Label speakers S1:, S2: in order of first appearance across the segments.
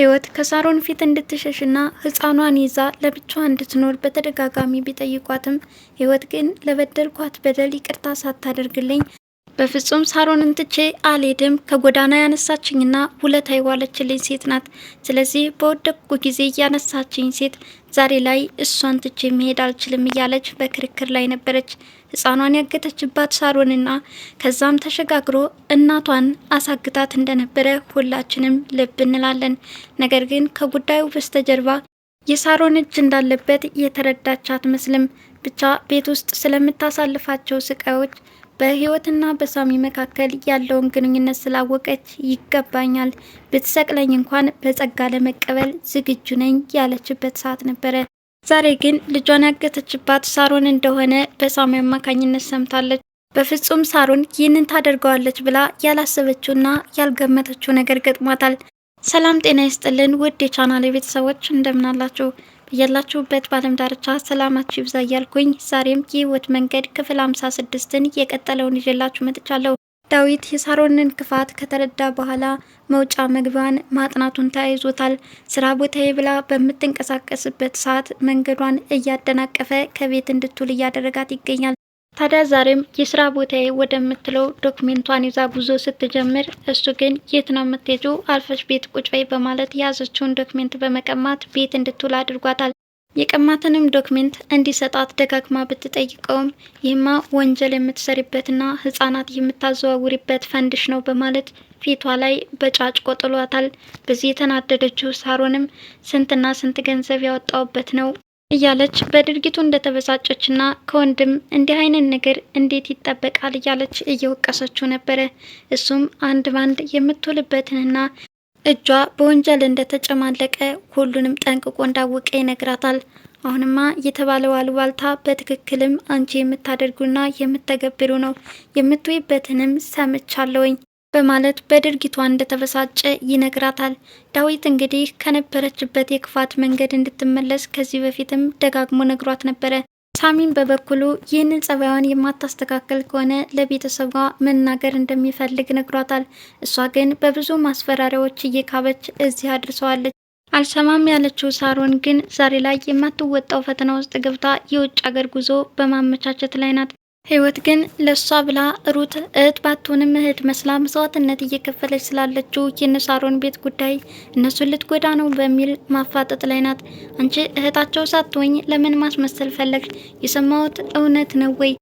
S1: ህይወት ከሳሮን ፊት እንድትሸሽና ህፃኗን ይዛ ለብቻዋ እንድትኖር በተደጋጋሚ ቢጠይቋትም ህይወት ግን ለበደልኳት በደል ይቅርታ ሳታደርግልኝ በፍጹም ሳሮንን ትቼ አልሄድም። ከጎዳና ያነሳችኝና ውለታ የዋለችልኝ ሴት ናት። ስለዚህ በወደቅኩ ጊዜ እያነሳችኝ ሴት ዛሬ ላይ እሷን ትቼ መሄድ አልችልም እያለች በክርክር ላይ ነበረች። ህፃኗን ያገተችባት ሳሮንና ከዛም ተሸጋግሮ እናቷን አሳግታት እንደነበረ ሁላችንም ልብ እንላለን። ነገር ግን ከጉዳዩ በስተጀርባ የሳሮን እጅ እንዳለበት የተረዳች አትመስልም። ብቻ ቤት ውስጥ ስለምታሳልፋቸው ስቃዮች በህይወትና በሳሚ መካከል ያለውን ግንኙነት ስላወቀች ይገባኛል ብትሰቅለኝ እንኳን በጸጋ ለመቀበል ዝግጁ ነኝ ያለችበት ሰዓት ነበረ። ዛሬ ግን ልጇን ያገተችባት ሳሮን እንደሆነ በሳሚ አማካኝነት ሰምታለች። በፍጹም ሳሮን ይህንን ታደርገዋለች ብላ ያላሰበችውና ያልገመተችው ነገር ገጥሟታል። ሰላም ጤና ይስጥልን ውድ የቻናል ቤተሰቦች እንደምናላችሁ በያላችሁበት በዓለም ዳርቻ ሰላማችሁ ይብዛ እያልኩኝ ዛሬም የህይወት መንገድ ክፍል ሃምሳ ስድስትን የቀጠለውን ይዤላችሁ መጥቻለሁ። ዳዊት የሳሮንን ክፋት ከተረዳ በኋላ መውጫ መግቢያን ማጥናቱን ተያይዞታል። ስራ ቦታዬ ብላ በምትንቀሳቀስበት ሰዓት መንገዷን እያደናቀፈ ከቤት እንድትውል እያደረጋት ይገኛል። ታዲያ ዛሬም የስራ ቦታዬ ወደምትለው ዶክሜንቷን ይዛ ጉዞ ስትጀምር እሱ ግን የት ነው የምትሄጁ? አልፈሽ ቤት ቁጭ በይ በማለት የያዘችውን ዶክሜንት በመቀማት ቤት እንድትውል አድርጓታል። የቀማትንም ዶክሜንት እንዲሰጣት ደጋግማ ብትጠይቀውም ይህማ ወንጀል የምትሰሪበትና ህጻናት የምታዘዋውሪበት ፈንድሽ ነው በማለት ፊቷ ላይ በጫጭ ቆጥሏታል። በዚህ የተናደደችው ሳሮንም ስንትና ስንት ገንዘብ ያወጣውበት ነው እያለች በድርጊቱ እንደተበሳጨችና ከወንድም እንዲህ አይነት ነገር እንዴት ይጠበቃል እያለች እየወቀሰችው ነበረ። እሱም አንድ ባንድ የምትውልበትንና እጇ በወንጀል እንደተጨማለቀ ሁሉንም ጠንቅቆ እንዳወቀ ይነግራታል። አሁንማ የተባለው አሉባልታ በትክክልም አንቺ የምታደርጉና የምተገብሩ ነው የምትውይበትንም ሰምቻለውኝ በማለት በድርጊቷ እንደተበሳጨ ይነግራታል። ዳዊት እንግዲህ ከነበረችበት የክፋት መንገድ እንድትመለስ ከዚህ በፊትም ደጋግሞ ነግሯት ነበረ። ሳሚን በበኩሉ ይህንን ጸባይዋን የማታስተካከል ከሆነ ለቤተሰቧ መናገር እንደሚፈልግ ነግሯታል። እሷ ግን በብዙ ማስፈራሪያዎች እየካበች እዚህ አድርሰዋለች። አልሰማም ያለችው ሳሮን ግን ዛሬ ላይ የማትወጣው ፈተና ውስጥ ገብታ የውጭ አገር ጉዞ በማመቻቸት ላይ ናት። ህይወት ግን ለእሷ ብላ ሩት እህት ባትሆንም እህት መስላ መስዋዕትነት እየከፈለች ስላለችው የነሳሮን ቤት ጉዳይ እነሱን ልትጎዳ ነው በሚል ማፋጠጥ ላይ ናት። አንቺ እህታቸው ሳትሆኝ ለምን ማስመሰል ፈለግ? የሰማሁት እውነት ነው ወይ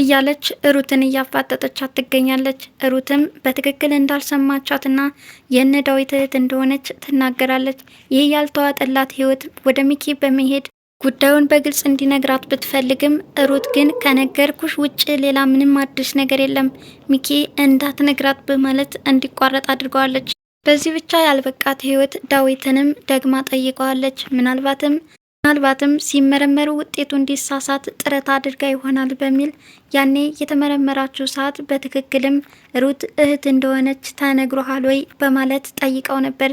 S1: እያለች ሩትን እያፋጠጠቻት ትገኛለች። ሩትም በትክክል እንዳልሰማቻትና የነ ዳዊት እህት እንደሆነች ትናገራለች። ይህ ያልተዋጠላት ህይወት ወደ ሚኪ በመሄድ ጉዳዩን በግልጽ እንዲነግራት ብትፈልግም ሩት ግን ከነገርኩሽ ውጭ ሌላ ምንም አዲስ ነገር የለም ሚኪ እንዳትነግራት በማለት እንዲቋረጥ አድርገዋለች። በዚህ ብቻ ያልበቃት ህይወት ዳዊትንም ደግማ ጠይቀዋለች። ምናልባትም ምናልባትም ሲመረመሩ ውጤቱ እንዲሳሳት ጥረት አድርጋ ይሆናል በሚል ያኔ የተመረመራችሁ ሰዓት በትክክልም ሩት እህት እንደሆነች ተነግሮሃል ወይ በማለት ጠይቀው ነበር።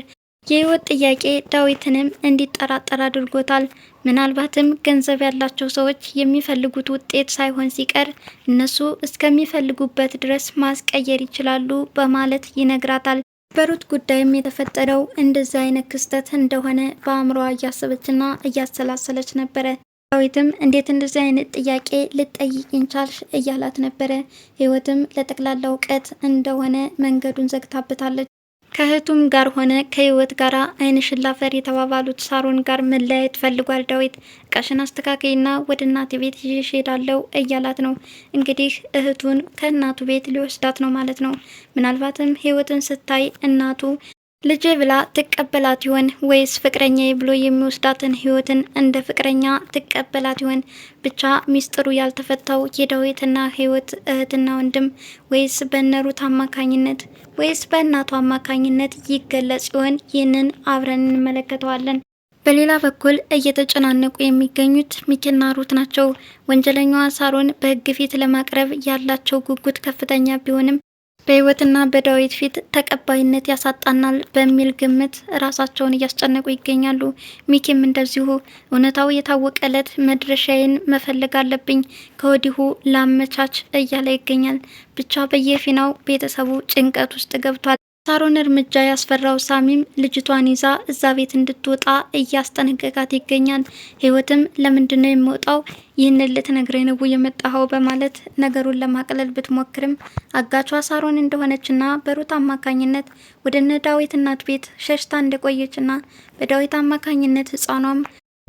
S1: የህይወት ጥያቄ ዳዊትንም እንዲጠራጠር አድርጎታል። ምናልባትም ገንዘብ ያላቸው ሰዎች የሚፈልጉት ውጤት ሳይሆን ሲቀር እነሱ እስከሚፈልጉበት ድረስ ማስቀየር ይችላሉ በማለት ይነግራታል። በሩት ጉዳይም የተፈጠረው እንደዚህ አይነት ክስተት እንደሆነ በአእምሯ እያሰበችና እያሰላሰለች ነበረ። ዳዊትም እንዴት እንደዚህ አይነት ጥያቄ ልጠይቅኝ ቻልሽ እያላት ነበረ። ህይወትም ለጠቅላላ እውቀት እንደሆነ መንገዱን ዘግታበታለች። ከእህቱም ጋር ሆነ ከህይወት ጋር አይን ሽላፈር የተባባሉት ሳሮን ጋር መለያየት ፈልጓል ዳዊት። ቀሽን አስተካከይና ወደ እናቴ ቤት ይዤሽ እሄዳለሁ እያላት ነው። እንግዲህ እህቱን ከእናቱ ቤት ሊወስዳት ነው ማለት ነው። ምናልባትም ህይወትን ስታይ እናቱ ልጄ ብላ ትቀበላት ይሆን ወይስ ፍቅረኛ ብሎ የሚወስዳትን ህይወትን እንደ ፍቅረኛ ትቀበላት ይሆን? ብቻ ሚስጥሩ ያልተፈታው የዳዊትና ህይወት እህትና ወንድም ወይስ በነሩት አማካኝነት ወይስ በእናቱ አማካኝነት ይገለጽ ይሆን? ይህንን አብረን እንመለከተዋለን። በሌላ በኩል እየተጨናነቁ የሚገኙት ሚኪና ሩት ናቸው። ወንጀለኛዋ ሳሮን በህግ ፊት ለማቅረብ ያላቸው ጉጉት ከፍተኛ ቢሆንም በህይወትና በዳዊት ፊት ተቀባይነት ያሳጣናል በሚል ግምት ራሳቸውን እያስጨነቁ ይገኛሉ። ሚኪም እንደዚሁ እውነታው የታወቀለት መድረሻዬን መፈለግ አለብኝ ከወዲሁ ላመቻች እያለ ይገኛል። ብቻ በየፊናው ቤተሰቡ ጭንቀት ውስጥ ገብቷል። ሳሮን እርምጃ ያስፈራው ሳሚም ልጅቷን ይዛ እዛ ቤት እንድትወጣ እያስጠነቀቃት ይገኛል። ህይወትም ለምንድነው የምወጣው? ይህንን ልትነግረኝ ነው የመጣኸው? በማለት ነገሩን ለማቅለል ብትሞክርም አጋቿ ሳሮን እንደሆነችና በሩት አማካኝነት ወደ እነ ዳዊት እናት ቤት ሸሽታ እንደቆየችና በዳዊት አማካኝነት ህጻኗም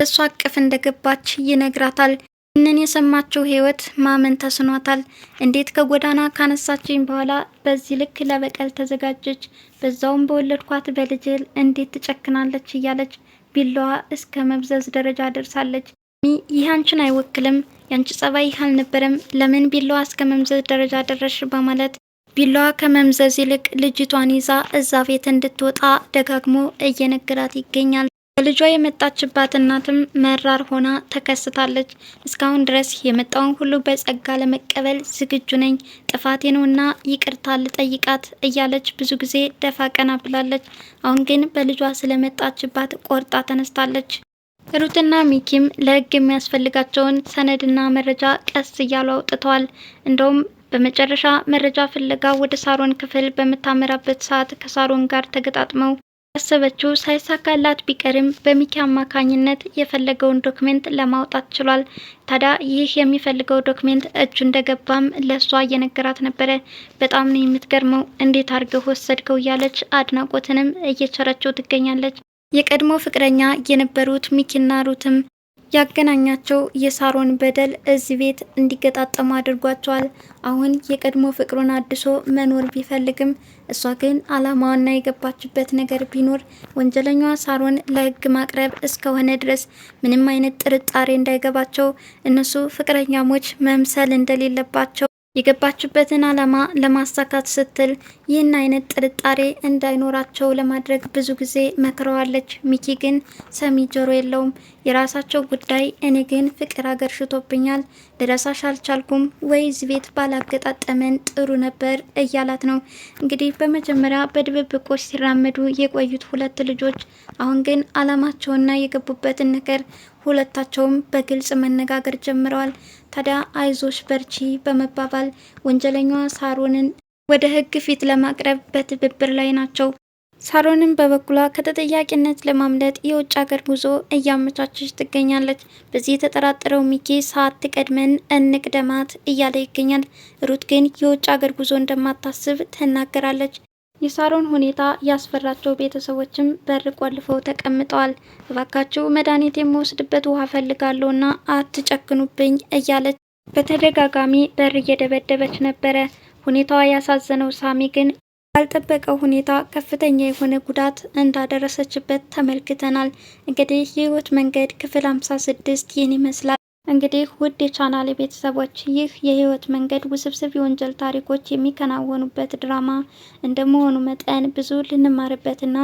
S1: እሷ አቅፍ እንደገባች ይነግራታል። ይህንን የሰማችው ህይወት ማመን ተስኗታል። እንዴት ከጎዳና ካነሳችኝ በኋላ በዚህ ልክ ለበቀል ተዘጋጀች፣ በዛውም በወለድኳት በልጅል እንዴት ትጨክናለች እያለች ቢላዋ እስከ መብዘዝ ደረጃ ደርሳለች። ይህ አንቺን አይወክልም፣ ያንቺ ጸባይ ይህ አልነበረም፣ ለምን ቢላዋ እስከ መምዘዝ ደረጃ ደረሽ? በማለት ቢላዋ ከመምዘዝ ይልቅ ልጅቷን ይዛ እዛ ቤት እንድትወጣ ደጋግሞ እየነገራት ይገኛል። ከልጇ የመጣችባት እናትም መራር ሆና ተከስታለች። እስካሁን ድረስ የመጣውን ሁሉ በጸጋ ለመቀበል ዝግጁ ነኝ፣ ጥፋቴ ነውና ይቅርታ ልጠይቃት እያለች ብዙ ጊዜ ደፋ ቀና ብላለች። አሁን ግን በልጇ ስለመጣችባት ቆርጣ ተነስታለች። ሩትና ሚኪም ለህግ የሚያስፈልጋቸውን ሰነድና መረጃ ቀስ እያሉ አውጥተዋል። እንደውም በመጨረሻ መረጃ ፍለጋ ወደ ሳሮን ክፍል በምታመራበት ሰዓት ከሳሮን ጋር ተገጣጥመው ያሰበችው ሳይሳካላት ቢቀርም በሚኪ አማካኝነት የፈለገውን ዶክሜንት ለማውጣት ችሏል። ታዲያ ይህ የሚፈልገው ዶክሜንት እጁ እንደገባም ለእሷ እየነገራት ነበረ። በጣም ነው የምትገርመው፣ እንዴት አድርገው ወሰድከው እያለች አድናቆትንም እየቸረችው ትገኛለች። የቀድሞ ፍቅረኛ የነበሩት ሚኪና ሩትም ያገናኛቸው የሳሮን በደል እዚህ ቤት እንዲገጣጠሙ አድርጓቸዋል። አሁን የቀድሞ ፍቅሩን አድሶ መኖር ቢፈልግም እሷ ግን አላማዋና የገባችበት ነገር ቢኖር ወንጀለኛዋ ሳሮን ለሕግ ማቅረብ እስከሆነ ድረስ ምንም አይነት ጥርጣሬ እንዳይገባቸው እነሱ ፍቅረኛሞች መምሰል እንደሌለባቸው የገባችበትን ዓላማ ለማሳካት ስትል ይህን አይነት ጥርጣሬ እንዳይኖራቸው ለማድረግ ብዙ ጊዜ መክረዋለች። ሚኪ ግን ሰሚ ጆሮ የለውም። የራሳቸው ጉዳይ፣ እኔ ግን ፍቅር አገር ሽቶብኛል፣ ልረሳሽ አልቻልኩም፣ ወይ እዚህ ቤት ባላገጣጠመን ጥሩ ነበር እያላት ነው። እንግዲህ በመጀመሪያ በድብብቆች ሲራመዱ የቆዩት ሁለት ልጆች አሁን ግን ዓላማቸውና የገቡበትን ነገር ሁለታቸውም በግልጽ መነጋገር ጀምረዋል። ታዲያ አይዞሽ በርቺ በመባባል ወንጀለኛዋ ሳሮንን ወደ ህግ ፊት ለማቅረብ በትብብር ላይ ናቸው። ሳሮንን በበኩሏ ከተጠያቂነት ለማምለጥ የውጭ ሀገር ጉዞ እያመቻቸች ትገኛለች። በዚህ የተጠራጠረው ሚኪ ሰዓት ቀድመን እንቅደማት እያለ ይገኛል። ሩት ግን የውጭ ሀገር ጉዞ እንደማታስብ ትናገራለች። የሳሮን ሁኔታ ያስፈራቸው ቤተሰቦችም በር ቆልፈው ተቀምጠዋል። እባካችሁ መድኃኒት የምወስድበት ውሃ ፈልጋለሁና አትጨክኑብኝ እያለች በተደጋጋሚ በር እየደበደበች ነበረ። ሁኔታዋ ያሳዘነው ሳሚ ግን ያልጠበቀው ሁኔታ ከፍተኛ የሆነ ጉዳት እንዳደረሰችበት ተመልክተናል። እንግዲህ የህይወት መንገድ ክፍል 56 ይህን ይመስላል። እንግዲህ ውድ የቻናል ቤተሰቦች ይህ የህይወት መንገድ ውስብስብ የወንጀል ታሪኮች የሚከናወኑበት ድራማ እንደመሆኑ መጠን ብዙ ልንማርበትና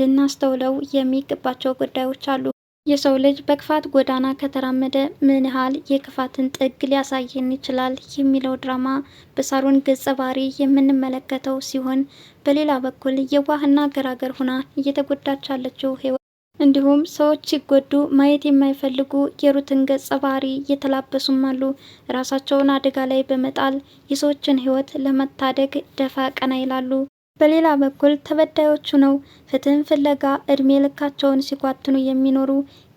S1: ልናስተውለው የሚገባቸው ጉዳዮች አሉ። የሰው ልጅ በክፋት ጎዳና ከተራመደ ምን ያህል የክፋትን ጥግ ሊያሳየን ይችላል የሚለው ድራማ በሳሩን ገጸ ባህሪ የምንመለከተው ሲሆን፣ በሌላ በኩል የዋህና ገራገር ሁና እየተጎዳች ያለችው እንዲሁም ሰዎች ሲጎዱ ማየት የማይፈልጉ የሩትን ገጸ ባህሪ እየተላበሱም አሉ። ራሳቸውን አደጋ ላይ በመጣል የሰዎችን ህይወት ለመታደግ ደፋ ቀና ይላሉ። በሌላ በኩል ተበዳዮቹ ነው ፍትህን ፍለጋ እድሜ ልካቸውን ሲጓትኑ የሚኖሩ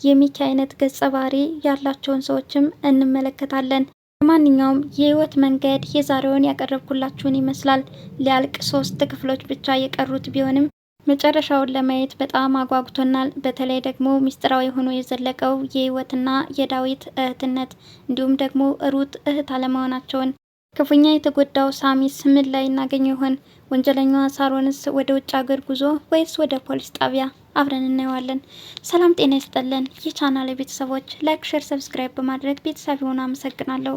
S1: የሚኪ አይነት ገጸ ባህሪ ያላቸውን ሰዎችም እንመለከታለን። ማንኛውም የህይወት መንገድ የዛሬውን ያቀረብኩላችሁን ይመስላል። ሊያልቅ ሶስት ክፍሎች ብቻ የቀሩት ቢሆንም መጨረሻውን ለማየት በጣም አጓጉቶናል። በተለይ ደግሞ ሚስጥራዊ ሆኖ የዘለቀው የህይወትና የዳዊት እህትነት እንዲሁም ደግሞ ሩት እህት አለመሆናቸውን፣ ክፉኛ የተጎዳው ሳሚስ ምን ላይ እናገኘ ይሆን? ወንጀለኛዋ ሳሮንስ ወደ ውጭ ሀገር ጉዞ ወይስ ወደ ፖሊስ ጣቢያ? አብረን እናየዋለን። ሰላም ጤና ይስጠለን። የቻናል ቤተሰቦች ላይክ፣ ሼር፣ ሰብስክራይብ በማድረግ ቤተሰብ ሆኖ አመሰግናለሁ።